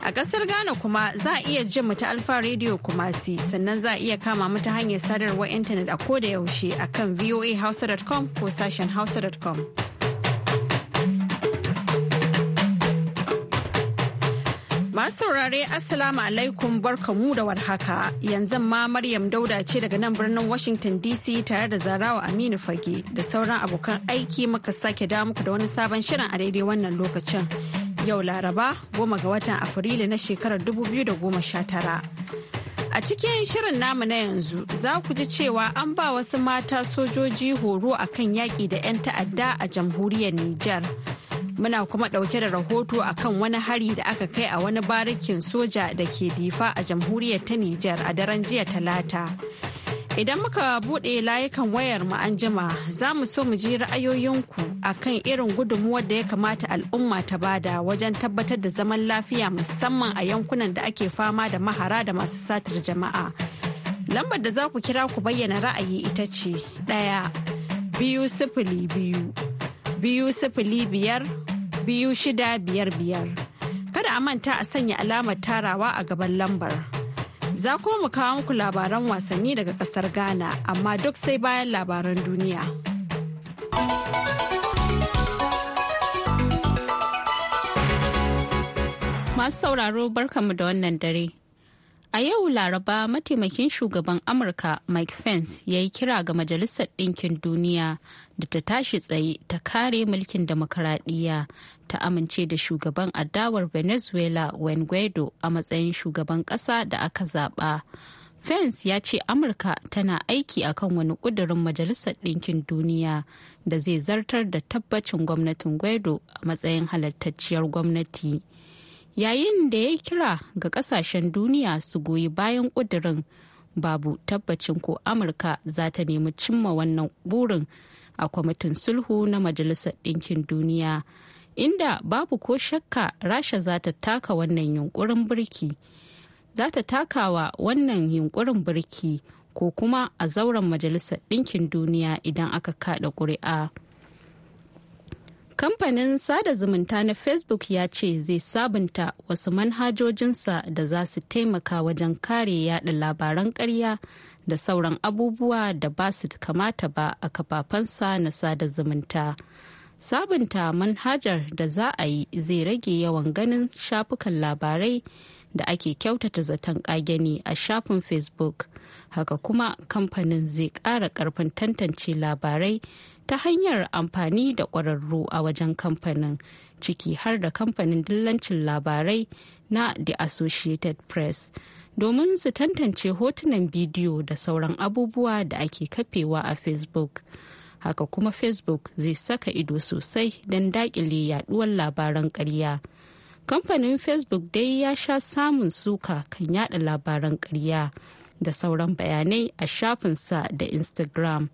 A ƙasar Ghana kuma za a iya jin mu ta Alfa Radio Kumasi sannan za a iya kama mata hanyar sadarwar intanet a ko da yaushe a kan voahausa.com ko sashen hausa.com. Masu saurare Assalamu alaikum barkamu da warhaka yanzu ma Maryam Dauda ce daga nan birnin Washington DC tare da Zarawa Aminu Fage da sauran abokan aiki muka sake da muku da wani sabon shirin a daidai wannan lokacin. yau Laraba goma ga watan Afrilu na shekarar 2019. A cikin shirin namu na yanzu za ku ji cewa an ba wasu mata sojoji horo a kan yaƙi da 'yan ta'adda a jamhuriyar Nijar. Muna kuma ɗauke da rahoto a kan wani hari da aka kai a wani barikin soja da ke difa a jamhuriyar ta Nijar a daren jiya talata. Idan muka buɗe layukan wayar mu an jima za mu so mu ji ra'ayoyinku a kan irin gudunmuwar da ya kamata al'umma ta bada wajen tabbatar da zaman lafiya musamman a yankunan da ake fama da mahara da masu satar jama'a. Lambar da za ku kira ku bayyana ra'ayi ita ce ɗaya biyu sifili biyu biyu sifili biyar biyu shida biyar biyar. Kada a manta a sanya alamar tarawa a gaban lambar. Za kuma mu kawo muku labaran wasanni daga ƙasar Ghana, amma duk sai bayan labaran duniya. Masu sauraro barkanmu da wannan dare. A yau Laraba mataimakin shugaban Amurka Mike Pence ya yi kira ga Majalisar Ɗinkin Duniya da ta tashi tsaye ta kare mulkin demokaradiyya ta amince da shugaban adawar Venezuela Juan Guaido a matsayin shugaban ƙasa da aka zaɓa. Pence ya ce Amurka tana aiki akan wani ƙudurin Majalisar Ɗinkin Duniya da zai zartar da tabbacin gwamnatin Guaido a matsayin halartacciyar gwamnati. yayin da ya kira ga kasashen duniya su goyi bayan kudurin babu tabbacin ko amurka za ta nemi cimma wannan burin a kwamitin sulhu na majalisar ɗinkin duniya inda babu ko shakka rasha za ta taka wannan yunkurin birki za ta takawa wannan yunkurin birki ko kuma a zauren majalisar ɗinkin duniya idan aka kaɗa ƙuri'a. Kamfanin sada zumunta na Facebook ya ce zai sabunta wasu manhajojinsa da za su taimaka wajen kare yada labaran karya da sauran abubuwa da ba su kamata ba a kafafensa na sada zumunta. Sabunta manhajar da za a yi zai rage yawan ganin shafukan labarai da ake kyautata zaton kageni a shafin Facebook. Haka kuma kamfanin zai ƙara ƙarfin tantance labarai ta hanyar amfani da ƙwararru a wajen kamfanin ciki har da kamfanin dillancin labarai na the associated press domin su tantance hotunan bidiyo da sauran abubuwa da ake kafewa a facebook haka kuma facebook zai saka ido sosai don dakile yaduwar labaran ƙarya kamfanin facebook dai ya sha samun suka kan yada labaran ƙarya da sauran bayanai a shafinsa da instagram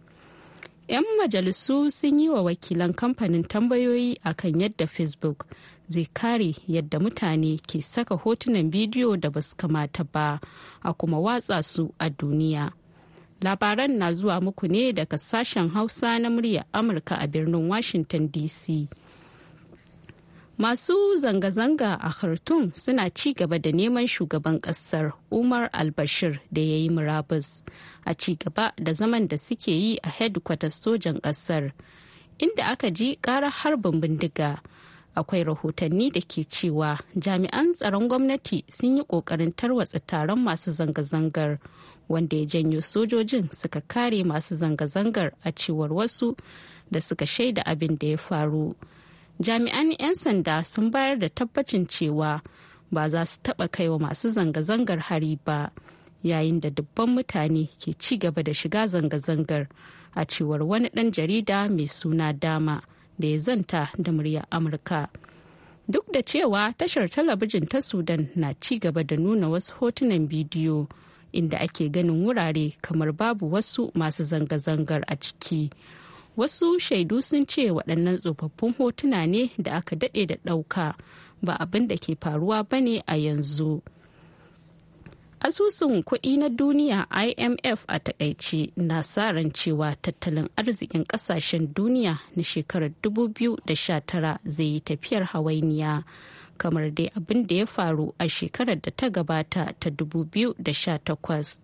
'yan majalisu sun yi wa wakilan kamfanin tambayoyi akan yadda facebook zai kare yadda mutane ke saka hotunan bidiyo da ba su kamata ba a kuma watsa su a duniya labaran na zuwa muku ne daga sashen hausa na murya amurka a birnin washington dc Masu zanga-zanga a Khartoum suna ci gaba da neman shugaban kasar Umar al-Bashir da ya yi murabus a ci gaba da zaman da suke yi a headquarters sojan kasar inda aka ji kara harbin bindiga. Akwai rahotanni da ke cewa jami'an tsaron gwamnati sun yi ƙoƙarin tarwatsa taron masu zanga-zangar wanda ya janyo sojojin suka kare masu zanga-zangar a cewar wasu da suka shaida abin da ya faru. jami'an 'yan sanda sun bayar da tabbacin cewa ba za su taɓa wa masu zanga-zangar hari ba yayin da dubban mutane ke ci gaba da shiga zanga-zangar a cewar wani ɗan jarida mai suna dama da ya zanta da murya amurka duk da cewa tashar talabijin ta sudan na ci gaba da nuna wasu hotunan bidiyo inda ake ganin wurare kamar babu wasu masu zanga-zangar a ciki. wasu shaidu sun ce waɗannan tsofaffin hotuna ne da aka daɗe da ɗauka ba abin da ke faruwa ba ne a yanzu asusun kuɗi na duniya imf a takaice na sa ran cewa tattalin arzikin ƙasashen duniya na shekarar 2019 zai yi tafiyar hawainiya kamar dai abin da ya faru a shekarar da ta gabata ta 2018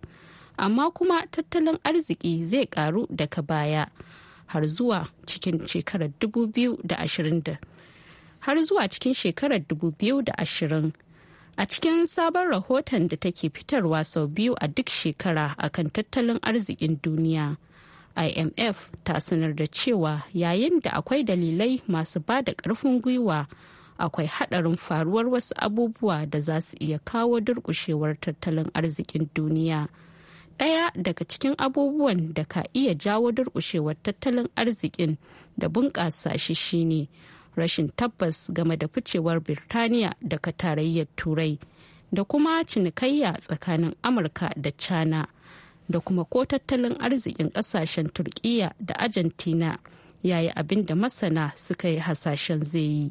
amma kuma tattalin arziki zai karu daga baya har zuwa cikin shekarar 2020 har zuwa cikin shekarar 2020 a cikin sabon rahoton da take fitarwa sau biyu a duk shekara akan tattalin arzikin duniya imf ta sanar da cewa yayin da akwai dalilai masu ba da ƙarfin gwiwa akwai haɗarin faruwar wasu abubuwa da za su iya kawo durƙushewar tattalin arzikin duniya. ɗaya daga cikin abubuwan da ka iya jawo durƙushewar tattalin arzikin da bunƙasa shi shine rashin tabbas game da ficewar birtaniya daga tarayyar turai da kuma cinikayya tsakanin amurka da china da kuma ko tattalin arzikin ƙasashen turkiya da argentina yayi abin da masana suka yi hasashen zai yi.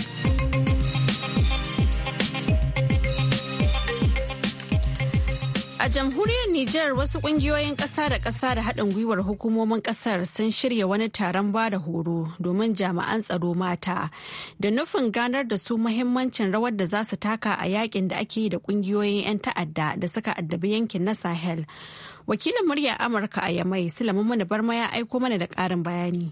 A jamhuriyar Nijar wasu kungiyoyin ƙasa da ƙasa da haɗin gwiwar hukumomin ƙasar sun shirya wani taron ba da horo domin jami'an tsaro mata da nufin ganar da su muhimmancin rawar da za su taka a yakin da ake yi da kungiyoyin 'yan ta'adda da suka addabi yankin na Sahel. Wakilin murya Amurka a Yamai Sulaiman Mana Barma ya aiko mana da ƙarin bayani.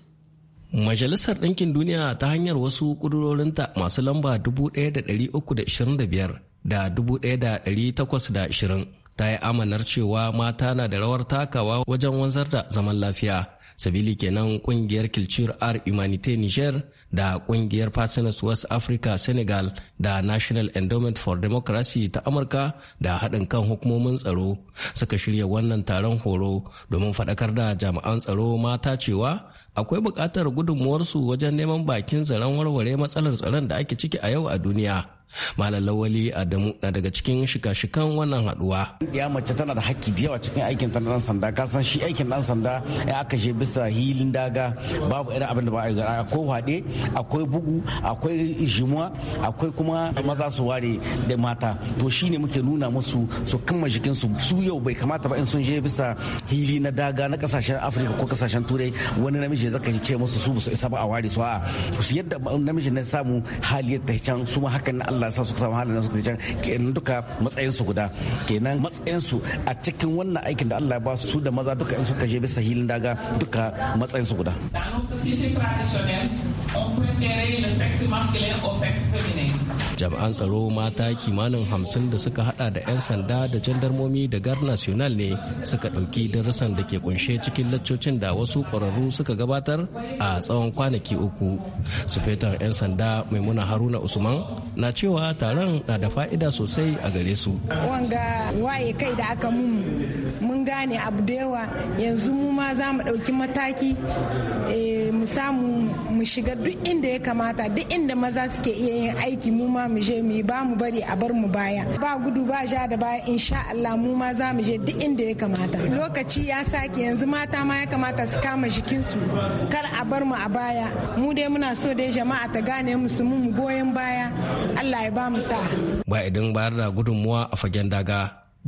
Majalisar Ɗinkin Duniya ta hanyar wasu ƙudurorinta masu lamba 1325 da 1820 ta yi amanar cewa mata na da rawar takawa wajen wanzar da zaman lafiya sabili kenan kungiyar culture ar humanité niger da kungiyar partners west africa senegal da national endowment for democracy ta amurka da haɗin kan hukumomin tsaro suka shirya wannan taron horo domin faɗakar da jami'an tsaro mata cewa akwai buƙatar gudunmuwarsu wajen neman bakin zaren warware matsalar tsaron da ake ciki a yau a duniya Malam Lawali Adamu na daga cikin shika-shikan wannan haduwa. Ya mace tana da haƙƙi da yawa cikin aikin ta dan sanda ka san shi aikin dan sanda ya aka je bisa hilin daga babu irin abin da ba a yi akwai haɗe akwai bugu akwai jimuwa akwai kuma maza su ware da mata to shine muke nuna musu su kama jikin su su yau bai kamata ba in sun je bisa hili na daga na kasashen Afirka ko kasashen Turai wani namiji zaka ce musu su su isa ba a ware su a yadda namiji na samu haliyar ta can su ma hakan na Allah sa suka samu halin nan suka ke nan duka matsayin su guda kenan matsayin su a cikin wannan aikin da Allah ya ba su da maza duka in suka je bisa hilin daga duka matsayin su guda. Dans nos sociétés traditionnelles, on préférait le sexe masculin au sexe féminin. jami'an tsaro mata kimanin hamsin da suka hada da 'yan sanda da jandarmomi da gar national ne suka ɗauki darussan da ke kunshe cikin laccocin da wasu ƙwararru suka gabatar a tsawon kwanaki uku sufetan 'yan sanda maimuna haruna usman na cewa taron na da fa'ida sosai a gare su wanga waye kai da aka mun mun gane abu da yawa yanzu mu ma za mu ɗauki mataki eh, mu samu mu shiga duk inda ya kamata duk inda maza suke iya yin aiki mu ma mu je mu yi ba mu bari a bar mu baya ba gudu ba ja da baya insha Allah mu ma za mu je duk inda ya kamata lokaci ya sake yanzu mata ma ya kamata su kama jikinsu kar a bar mu a baya mu dai muna so dai jama'a ta gane mu su mu goyon baya Allah ya ba mu sa ba idan bayar da gudunmuwa a fagen daga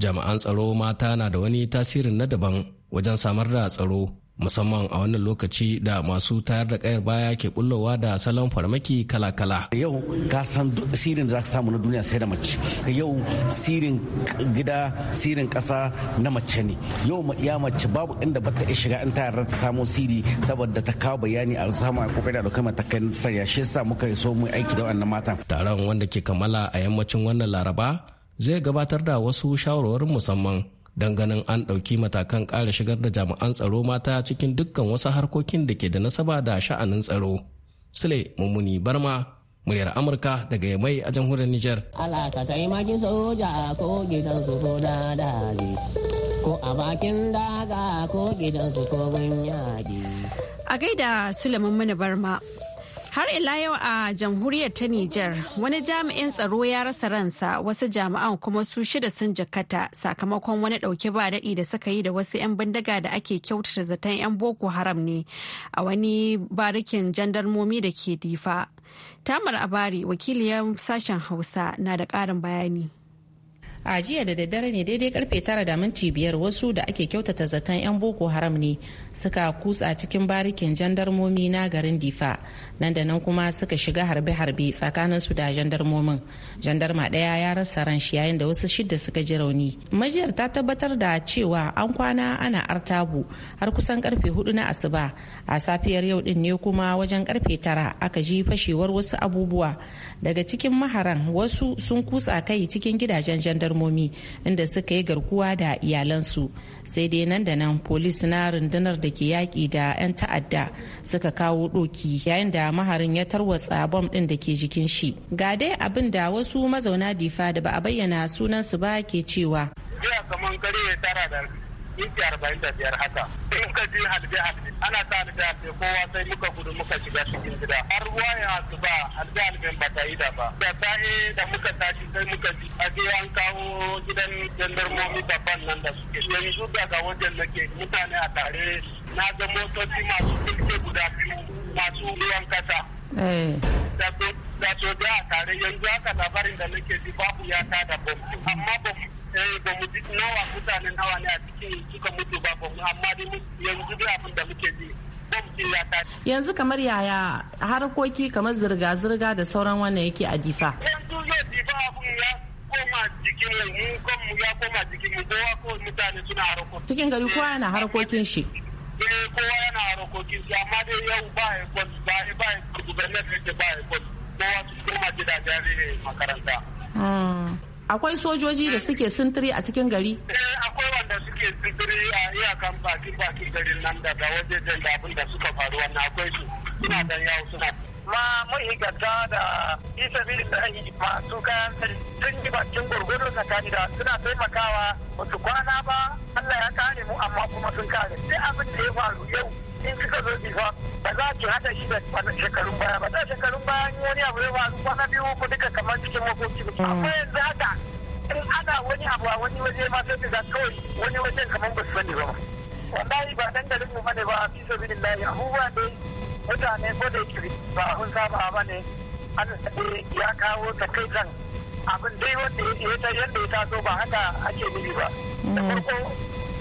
jami'an tsaro mata na da wani tasirin na daban wajen samar da tsaro musamman a wannan lokaci da masu tayar da kayar baya ke bullowa da salon farmaki kala-kala. Yau ka san sirin da za ka samu na duniya sai da mace. Yau sirin gida sirin kasa na mace ne. Yau ya mace babu inda ba ta shiga in tayar ta samo siri saboda ta kawo bayani a samu a kokari da kuma ta kai sarya shi sa muka so mu aiki da wannan matan. Taron wanda ke kammala a yammacin wannan Laraba zai gabatar da wasu shawarwarin musamman don ganin an ɗauki matakan ƙara shigar da jami'an tsaro mata cikin dukkan wasu harkokin da ke da nasaba da sha'anin tsaro. Sule Mummuni Barma muryar amurka daga yamai a jamhuriyar niger alaka taimakin soja ko gidan su ko ko a bakin daga ko gidan su ko gun a gaida suleiman mana barma Har ila yau a jamhuriyar ta Nijar wani jami'in tsaro ya rasa ransa wasu jami'an kuma su shida sun jakata sakamakon wani dauke ba daɗi da suka yi da wasu 'yan bindiga da ake kyautata zaton 'yan Boko Haram ne a wani barikin jandarmomi da ke difa. Tamar Abari wakiliyar sashen Hausa na da ƙarin bayani. a jiya da daddare ne daidai karfe tara da minti biyar wasu da ake kyautata zaton 'yan boko haram ne suka kutsa cikin barikin jandarmomi na garin difa nan da nan kuma suka shiga harbe-harbe tsakanin su da jandarmomin jandarma ɗaya ya rasa ran shi yayin da wasu shidda suka ji rauni majiyar ta tabbatar da cewa an kwana ana artabu har kusan karfe hudu na asuba a safiyar yau din ne kuma wajen karfe tara aka ji fashewar wasu abubuwa daga cikin maharan wasu sun kutsa kai cikin gidajen jandarmomi jandarmomi inda suka yi garkuwa da iyalansu sai dai nan da nan polis na rundunar da ke yaƙi da 'yan ta'adda suka kawo ɗoki yayin da maharin ya tarwatsa bom ɗin da ke jikin shi ga dai abin da wasu mazauna difa da ba a bayyana sunansu ba ke cewa kamar kare tara da inci arba'in da biyar haka in ka je halbe halbe ana ta halbe halbe kowa sai muka gudu muka shiga cikin gida har wayan ba halbe halbe ba ta yi da ba da sa'i da muka tashi sai muka ji a je an kawo gidan jandarmomi babban nan da suke yanzu daga wajen nake mutane a tare na ga motoci masu kulke guda biyu masu ruwan kasa eh. da soja a tare yanzu haka labarin da nake ji babu ya da bom amma bom eh nawa mutanen hawa ne a cikin suka mutu ba ba amma dai yanzu dai abin da muke ji yanzu kamar yaya harkoki kamar zirga-zirga da sauran wannan yake a difa yanzu yau difa abun ya koma jikin mu kan mu ya koma jikin mu kowa ko mutane suna harkoki cikin gari kowa yana eh, harkokin shi eh kowa yana harkokin shi amma dai yau ba ya kwas ba ya ba ya gubernar ba ya kwas kowa su koma gidajen eh, makaranta hmm. akwai sojoji da suke sintiri a cikin gari eh, akwai wanda suke sintiri a iyakan bakin bakin garin nan daga wajejen da abin da suka faru wannan akwai su suna da yawo suna ma mahigata da isa bi da masu kayan sun yi bakin na kani da suna taimakawa ba kwana ba allah ya kare mu amma kuma sun kare sai abin da ya faru yau in suka zo difa ba za ki hada shi da shekarun baya ba da shekarun baya wani abu ya faru kwana biyu ko duka kamar cikin makoci ba amma yanzu haka in ana wani abu a wani waje ma sai ga kawai wani wajen kamar ba su sani ba wallahi ba dan garin mu bane ba fi sabilillahi abubuwa ne mutane ko da yake ba hun saba ba ne Allah ya kawo kan abin dai wanda ya ta yadda ya taso ba haka ake nufi ba da mm. farko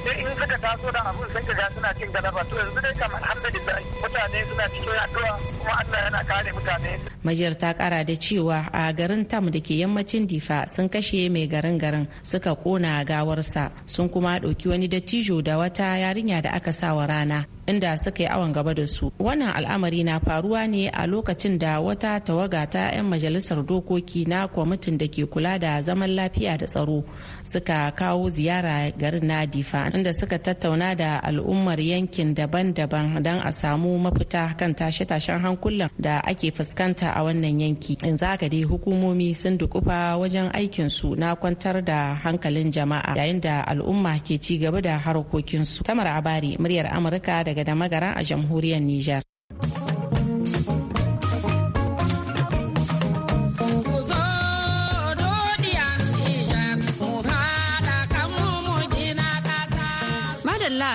sai in suka taso da abun sai ka ga suna cin galaba to yanzu dai kam alhamdulillah mutane suna cikin addu'a kuma yana kare mutane. Majiyar ta kara da cewa a garin Tam da ke yammacin Difa sun kashe mai garin garin suka kona gawarsa sun kuma ɗauki wani dattijo da wata yarinya da aka sawa rana inda suka yi awon gaba da su. Wannan al'amari na faruwa ne a lokacin da wata tawaga ta 'yan majalisar dokoki na kwamitin da ke kula da zaman lafiya da tsaro suka kawo ziyara garin na Difa inda suka tattauna da al'ummar yankin daban-daban don a samu mafita kan tashe-tashen hankulan da ake fuskanta a wannan yanki in zaka dai hukumomi sun dukufa wajen aikin su na kwantar da hankalin jama'a yayin da al'umma ke ci gaba da harkokinsu tamar abari muryar amurka daga damagara a jamhuriyar niger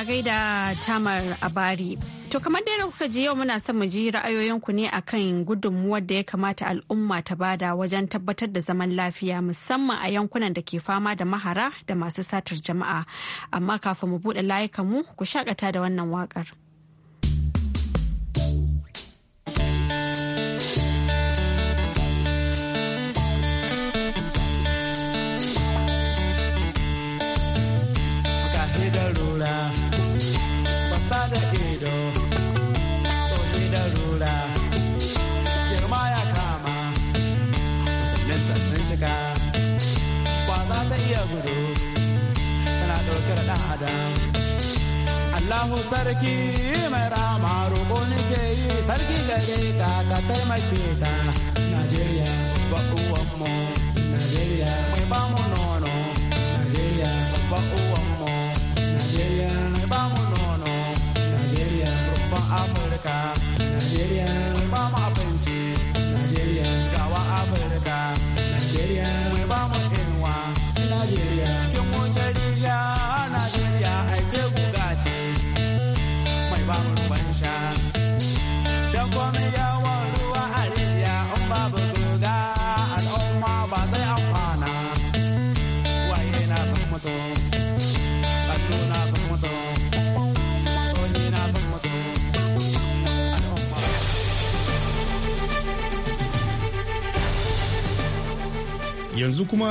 gaida tamar abari To kamar da da kuka ji yau muna son mu ji ra'ayoyinku ne akan gudunmuwar da ya kamata al'umma ta bada wajen tabbatar da zaman lafiya musamman a yankunan da ke fama da mahara da masu satar jama'a. Amma kafin mu buɗe layukan mu ku shakata da wannan waƙar. Allahu sarki mai rama roƙo ke yi sarki gare ka ka taimake ta Najeriya ba uwanmu Najeriya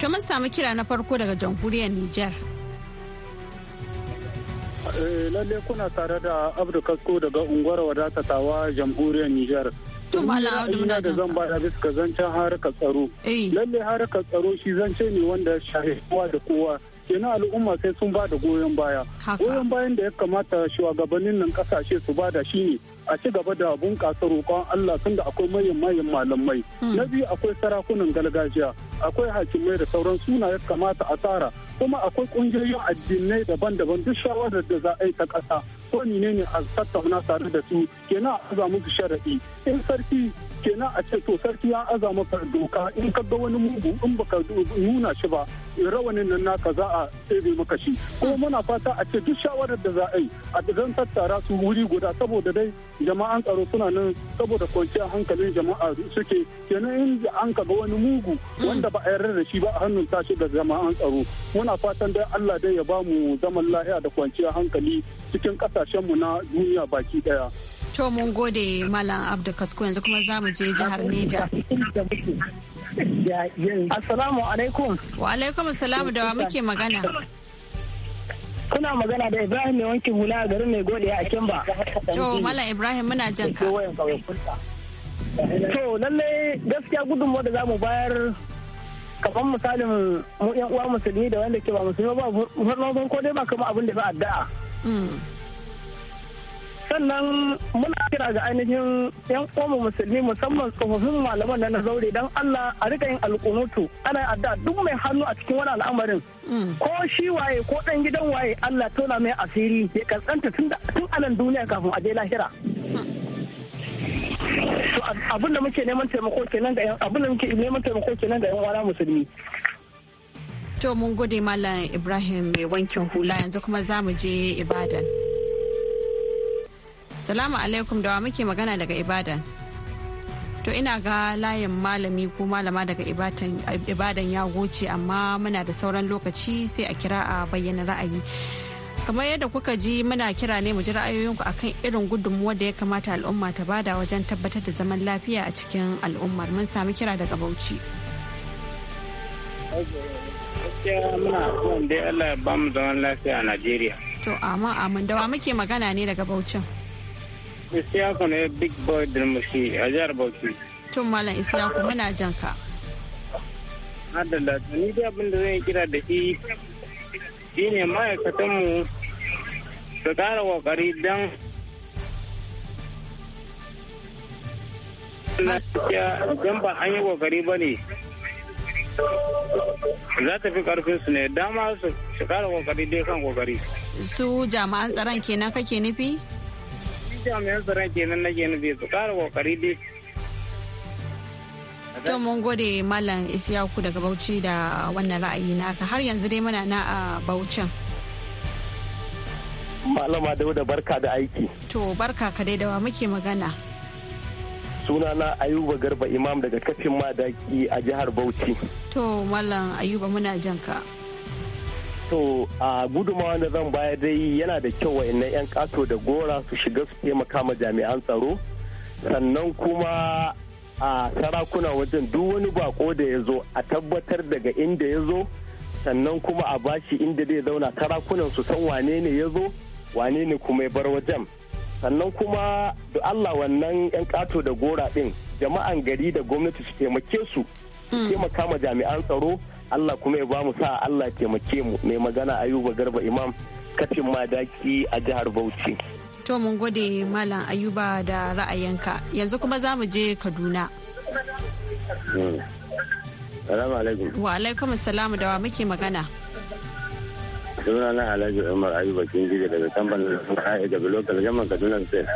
To mun samu kira na farko daga jamhuriyar Nijar. Eh, lalle kuna tare da Abdu Kasko daga unguwar wadatatawa jamhuriyar Nijar. To mala Abdu na da zan bada bisa zancen harkar tsaro. Eh. Lalle harkar tsaro shi zance ne wanda shahe kowa da kowa. Yana al'umma sai sun ba da goyon baya goyon bayan da ya kamata shugabannin nan kasashe su bada shi ne. a ci gaba da bunƙasa roƙon Allah tun da akwai mayan-mayan malamai. Hmm. Na biyu akwai sarakunan gargajiya, akwai hakimai da sauran suna ya kamata a tsara, kuma akwai ƙungiyoyin addinai daban-daban duk shawarar da za a yi ta ƙasa. Ko ne a tattauna tare da su kenan a aza musu sharaɗi. In sarki kenan a ce to sarki ya azama maka doka in ka ga wani mugu in baka nuna shi ba rawanin nan naka za a ɗebe maka shi kuma muna fata a ce duk shawarar da za a yi a zan tattara su wuri guda saboda dai jama'an tsaro suna nan saboda kwanciyar hankalin jama'a suke kenan in an ga wani mugu wanda ba a yarda da shi ba a hannun tashi da jama'an tsaro muna fatan dai Allah dai ya ba mu zaman lahiya da kwanciyar hankali cikin kasashen mu na duniya baki daya. To mun gode Malam Abdu Kasko yanzu kuma za mu je jihar Neja. Assalamu alaikum. Wa alaikum assalamu da wa muke magana. Kuna magana da Ibrahim mai wankin hula a garin mai godiya a Kimba. To Mala Ibrahim muna jan ka. To lallai gaskiya gudunmawar da za mu bayar kamar misalin mu yan uwa musulmi da wanda ke ba musulmi ba farko dai ba kama abin da ba addu'a. Mm. sannan muna kira ga ainihin yan koma musulmi musamman tsofaffin malaman na zaure don Allah a rika yin alkunutu ana adda duk mai hannu a cikin wani al'amarin mm. ko shi waye ko dan gidan waye Allah tona mai asiri ya kaskanta tun anan duniya kafin a je lahira abin da muke neman taimako kenan ga abin da muke neman taimako kenan ga yan wara musulmi to mun gode malam Ibrahim mai wankin hula yanzu kuma za mu je Ibadan Salamu alaikum da wa muke magana daga Ibadan. To ina ga layin malami ko malama daga Ibadan ya goce amma muna da sauran lokaci sai a kira a bayyana ra'ayi. kamar yadda kuka ji muna kira ne mu ji ra'ayoyinku akan irin gudunmuwar da ya kamata al'umma ta bada wajen tabbatar da zaman lafiya a cikin al'ummar mun sami kira daga bauchi muna allah ya bamu zaman lafiya a najeriya to amma amin dawa muke magana ne daga bauchin Isiyaku ne Big Boy Dirmushi a jihar Bauchi. Tun Malam Isiyaku muna jan ka. Adalla, ni dai abin da zan kira da shi shi ne ma'aikatanmu su ƙara ƙoƙari don idan ba an yi ƙoƙari ba ne za ta fi ƙarfin su ne dama su ƙara ƙoƙari dai kan ƙoƙari. Su jama'an tsaron kenan kake nufi? jami'an tsaron su kokari dai To mun gode Malam Isiyaku daga Bauchi da wannan ra'ayi naka har yanzu dai muna na a Bauchin. Malama Dauda barka da aiki. To barka ka dai dawa muke magana. Sunana Ayuba Garba Imam daga kafin madaki a jihar Bauchi. To Malam Ayuba muna jan to a gudumawa da zan baya dai yana da kyau wa'annan 'yan kato da gora su shiga su taimaka ma jami'an tsaro sannan kuma a sarakuna wajen duk wani bako da ya zo a tabbatar daga inda ya zo sannan kuma a bashi inda zai zauna sarakunan su san wane ne ya zo wane ne kuma ya bar wajen sannan kuma da Allah wannan 'yan kato da gora din jama'an gari da gwamnati su taimake su mm. taimaka ma jami'an tsaro Allah kuma ya bamu sa Allah taimake mu mai magana Ayuba Garba Imam kafin madaki a jihar Bauchi. To mun gode Malam Ayuba da ra'ayinka yanzu kuma za mu je Kaduna. Hmm. Wa alaikum salamu da wa muke magana. na Alhaji Umar Ayuba Kin Kinjige daga kamfanin A'a daga Lokal Jaman Kaduna State.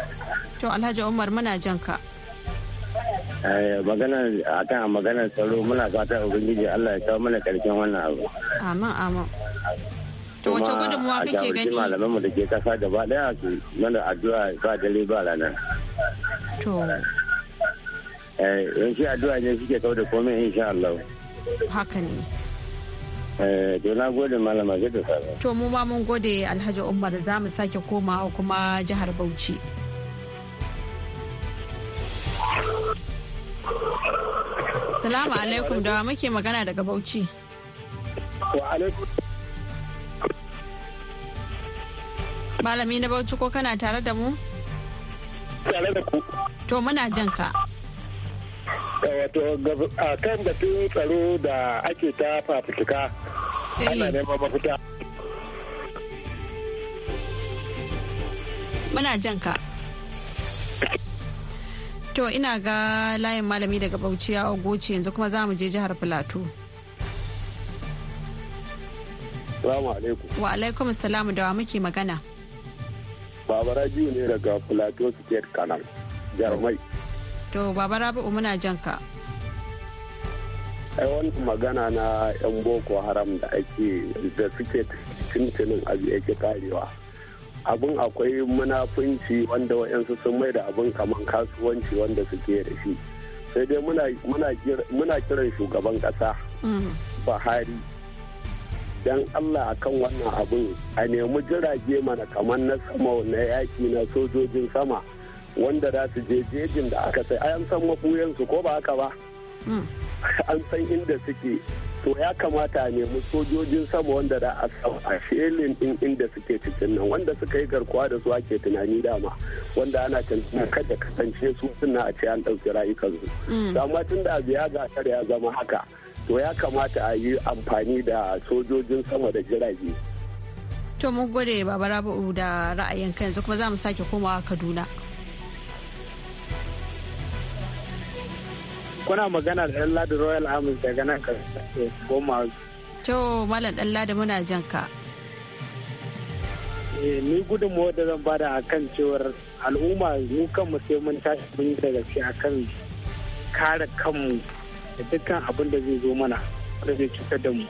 To Alhaji Umar muna jan ka. Eh, magana akan maganar tsaro muna fatan ubangiji Allah ya kawo mana karshen wannan abu amin amin to wace gudunmuwa kake gani malamin mu da ke kasa gaba daya su mana addu'a ba dare ba rana to eh yanzu addu'a ne suke kawo da komai insha Allah haka ne eh, to na gode malama sai da to mu ma mun gode Alhaji Umar za mu sake komawa kuma jihar Bauchi asalamu alaikum da muke magana daga Bauchi. Wa alaikum. Malami na Bauchi ko kana tare da mu? Tare da ku. To muna jan ka. Wato a kan tun tsaro da ake ta fafutuka. Eh. Ana neman mafita. Muna jan ka. To ina ga layin malami daga Bauchi ya Ogoci yanzu kuma za mu je jihar Filato. Salamu alaikum. Wa alaikum salamu da wa muke magana. Baba Rabiu ne daga Plateau State jihar Mai. To, Baba Rabiu muna jan ka. Ai wani magana na 'yan Boko Haram da ake da suke tuntunin abu yake karewa. abin akwai munafunci wanda wa'yansu sun mai da abin kamar kasuwanci wanda suke da shi sai dai muna kiran shugaban ƙasa mm. buhari don allah akan wannan abin a nemi jirage mana kamar na sama na yaki na sojojin sama wanda za su je jejin da aka sai an san mafuyansu ko ba haka ba mm. an san inda suke to ya kamata a nemi sojojin sama wanda da a a shelin din inda suke cikin nan wanda suka yi garkuwa da su ake tunani dama wanda ana tunanin kada kasance su suna a ce an ɗauki rayukansu. Mm. amma tun da biya gasar ya zama haka to ya kamata a yi amfani da sojojin sama da jirage. To mun gode Baba da ra'ayin yanzu kuma za mu sake komawa Kaduna. kuna magana da Ladi Royal Army daga nan ka eh, goma. To Malam Ladi muna jan ka. Eh, ni gudunmawa da zan bada a kan cewar al'umma mu kanmu sai mun tashi mun yi daga a kan kare kanmu da dukkan abin da zai zo mana da zai cutar da mu.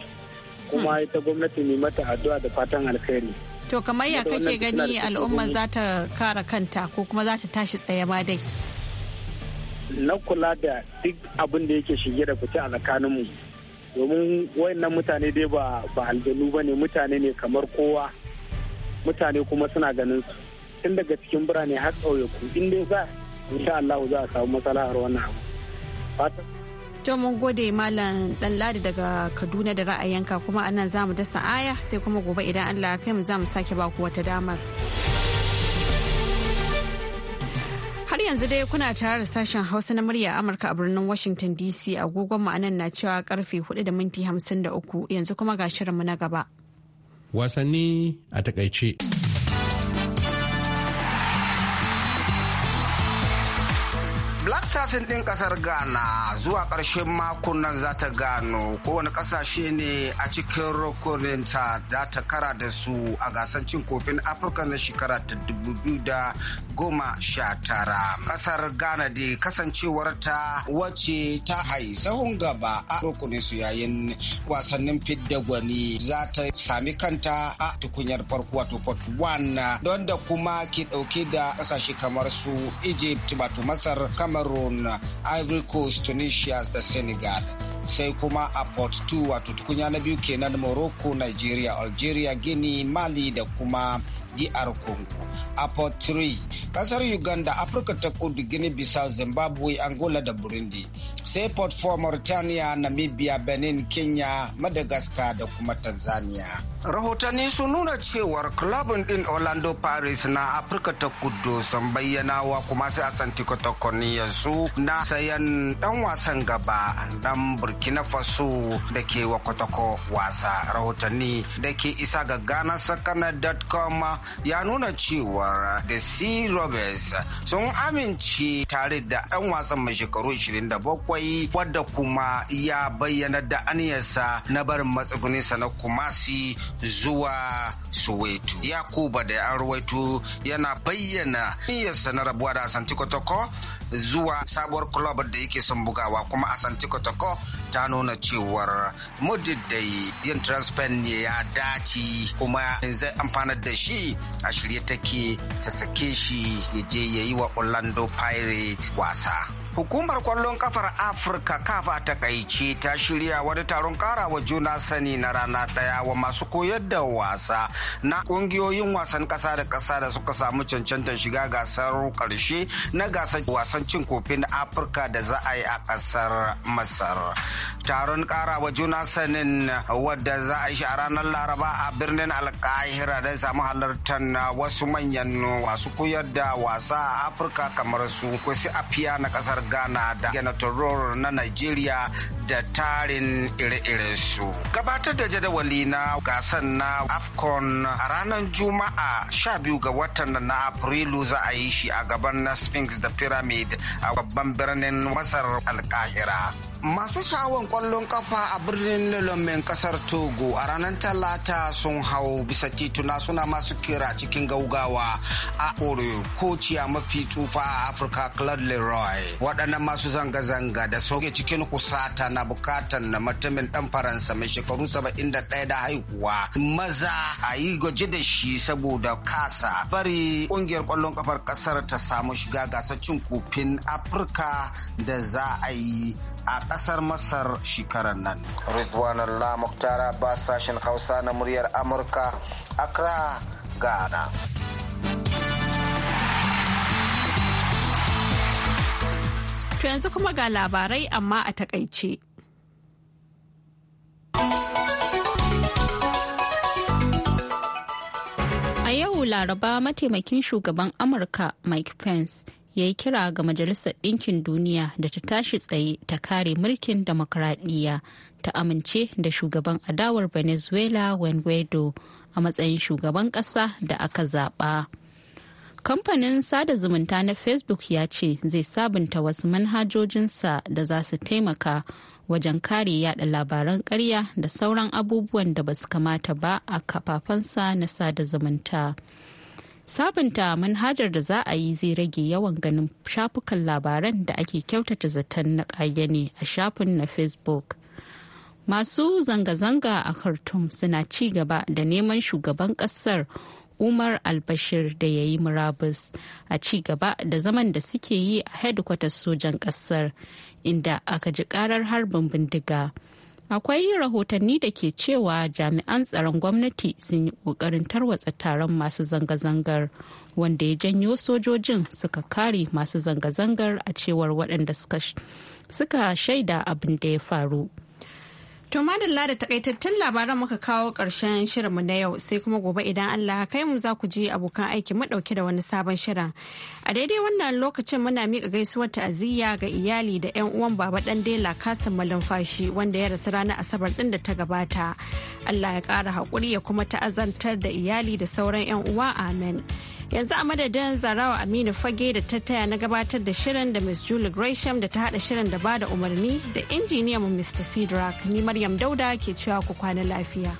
Kuma hmm. ita gwamnati ne mata addu'a da fatan alkhairi. To kamar ya kake gani al'umma za ta kare kanta ko kuma za ta tashi tsaye ma dai. na kula da duk abin da yake shige da fice a tsakaninmu domin wayannan mutane dai ba aljanu ba ne mutane ne kamar kowa mutane kuma suna ganin su tun daga cikin birane har ƙauyaku in dai za insha Allah za a samu matsala a wannan abu to mun gode malam dan ladi daga kaduna da ra'ayinka kuma anan za mu dasa aya sai kuma gobe idan allah ya kai mu za mu sake baku wata damar. yanzu dai kuna tare da sashen Hausa na murya Amurka a birnin Washington DC agogon mu anan na cewa karfe 4 da minti 53 yanzu kuma ga shirinmu na gaba. Wasanni a takaice. kwamitin ɗin ƙasar ghana zuwa ƙarshen makon nan za ta gano kowane ƙasashe ne a cikin rukuninta za ta kara da su a gasar cin kofin afirka na shekara ta dubu biyu da goma sha tara ƙasar ghana da kasancewarta wace ta hai sahun gaba a rukunin su yayin wasannin fidda gwani za ta sami kanta a tukunyar farko wato pot don da kuma ke ɗauke da ƙasashe kamar su egypt wato masar cameroon Cameroon, Ivory Coast, Tunisia da Senegal. Sai kuma a Port 2 wato tukunya na biyu kenan Morocco, Nigeria, Algeria, Guinea, Mali da kuma DR Congo. A Port 3 kasar uganda afirka ta kudu gini bisa zimbabwe angola da burundi sai port for mauritania namibia benin kenya madagascar da kuma tanzania rahotanni sun nuna cewar kulabun din orlando paris na afirka ta kudu sun bayyana wa kuma sai asanti kotokoni yanzu na sayan dan wasan gaba dan burkina faso da ke wa kotoko wasa rahotanni da ke isa ga ganasakana.com ya nuna cewar da siro Roberts sun amince tare da ɗan wasan mai shekaru 27 wadda kuma ya bayyana da aniyarsa na barin matsuguninsa na Kumasi zuwa Suwaitu Yakuba da ya rawaito yana bayyana niyyarsa na rabuwa da asanti Kotoko zuwa sabuwar club da yake son bugawa kuma asanti Kotoko ta nuna cewar mudidai yin transfer ne ya dace kuma zai amfana da shi a shirye take ta sake shi ya je ya yi wa Orlando Pirate wasa. Hukumar kwallon kafar Afirka kafa ta kaice ta shirya wani taron wa juna sani na rana daya wa masu koyar da wasa na kungiyoyin wasan kasa da kasa da suka samu cancantar shiga gasar karshe na gasar wasan cin kofin Afirka da za a yi a kasar Masar. Taron wa juna sanin wadda za a yi shi a ranar Laraba a birnin Alkahira da samu halartar wasu manyan wasu koyar da wasa a Afirka kamar su a fiya na kasar Ghana da Yanatororo na Nigeria da tarin ire su. Gabatar da jadawali na gasan na AFCON a ranar Juma'a 12 ga watan na Afrilu za a yi shi a gaban na Sphinx da Pyramid a babban birnin Masar Alkahira. Masu shawon kwallon kafa a birnin Lolomen kasar Togo a ranar Talata sun hau bisa tituna suna masu kira cikin gaugawa a Kore kociya mafi tufa a Afirka Claude Leroy. Waɗannan masu zanga-zanga da soke cikin kusatan. na bukatan na mutumin dan faransa mai shekaru 71 da haihuwa maza a yi gwaji da shi saboda kasa bari kungiyar kwallon kafar kasar ta samu shiga gasar cin kofin afirka da za a yi a kasar masar shekarar nan ridwan allah ba sashen hausa na muryar amurka accra ghana To yanzu kuma ga labarai amma a takaice. A yau Laraba mataimakin shugaban Amurka Mike Pence ya yi kira ga Majalisar Ɗinkin Duniya da ta tashi tsaye ta kare mulkin demokuraɗiyya ta amince da shugaban adawar Venezuela Wenguedo a matsayin shugaban ƙasa da aka zaɓa. kamfanin sada zumunta na facebook ya ce zai sabunta wasu manhajojinsa da za su taimaka wajen kare yada labaran karya da sauran abubuwan da ba su kamata ba a kafafensa na sada zumunta sabunta manhajar da za a yi zai rage yawan ganin shafukan labaran da ake kyautata zaton na kage ne a shafin na facebook masu zanga-zanga a khartoum suna ci gaba da neman shugaban kasar umar albashir da ya yi murabus a ci gaba da zaman da suke yi a headquarters sojan kasar inda aka ji karar harbin bindiga akwai rahotanni da ke cewa jami'an tsaron gwamnati sun yi ƙoƙarin tarwatsa taron masu zanga-zangar wanda ya janyo sojojin suka kare masu zanga-zangar a cewar waɗanda suka shaida abin da ya faru. To madalla da takaitattun labaran muka kawo ƙarshen shirinmu na yau sai kuma gobe idan Allah kai mu za ku ji abokan aiki madauke da wani sabon shirin. A daidai wannan lokacin muna mika gaisuwar ta'aziyya ga iyali da 'yan uwan baba ɗan Dela Kasim Malumfashi wanda ya rasu ranar Asabar ɗin da ta gabata. Allah ya ƙara haƙuri ya kuma ta'azantar da iyali da sauran 'yan uwa amen. yanzu a madadin zarawa aminu fage da ta taya na gabatar da shirin da miss julie gresham da ta hada shirin da ba da umarni da injiniyan mr cedric ni maryam dauda ke cewa ku kwana lafiya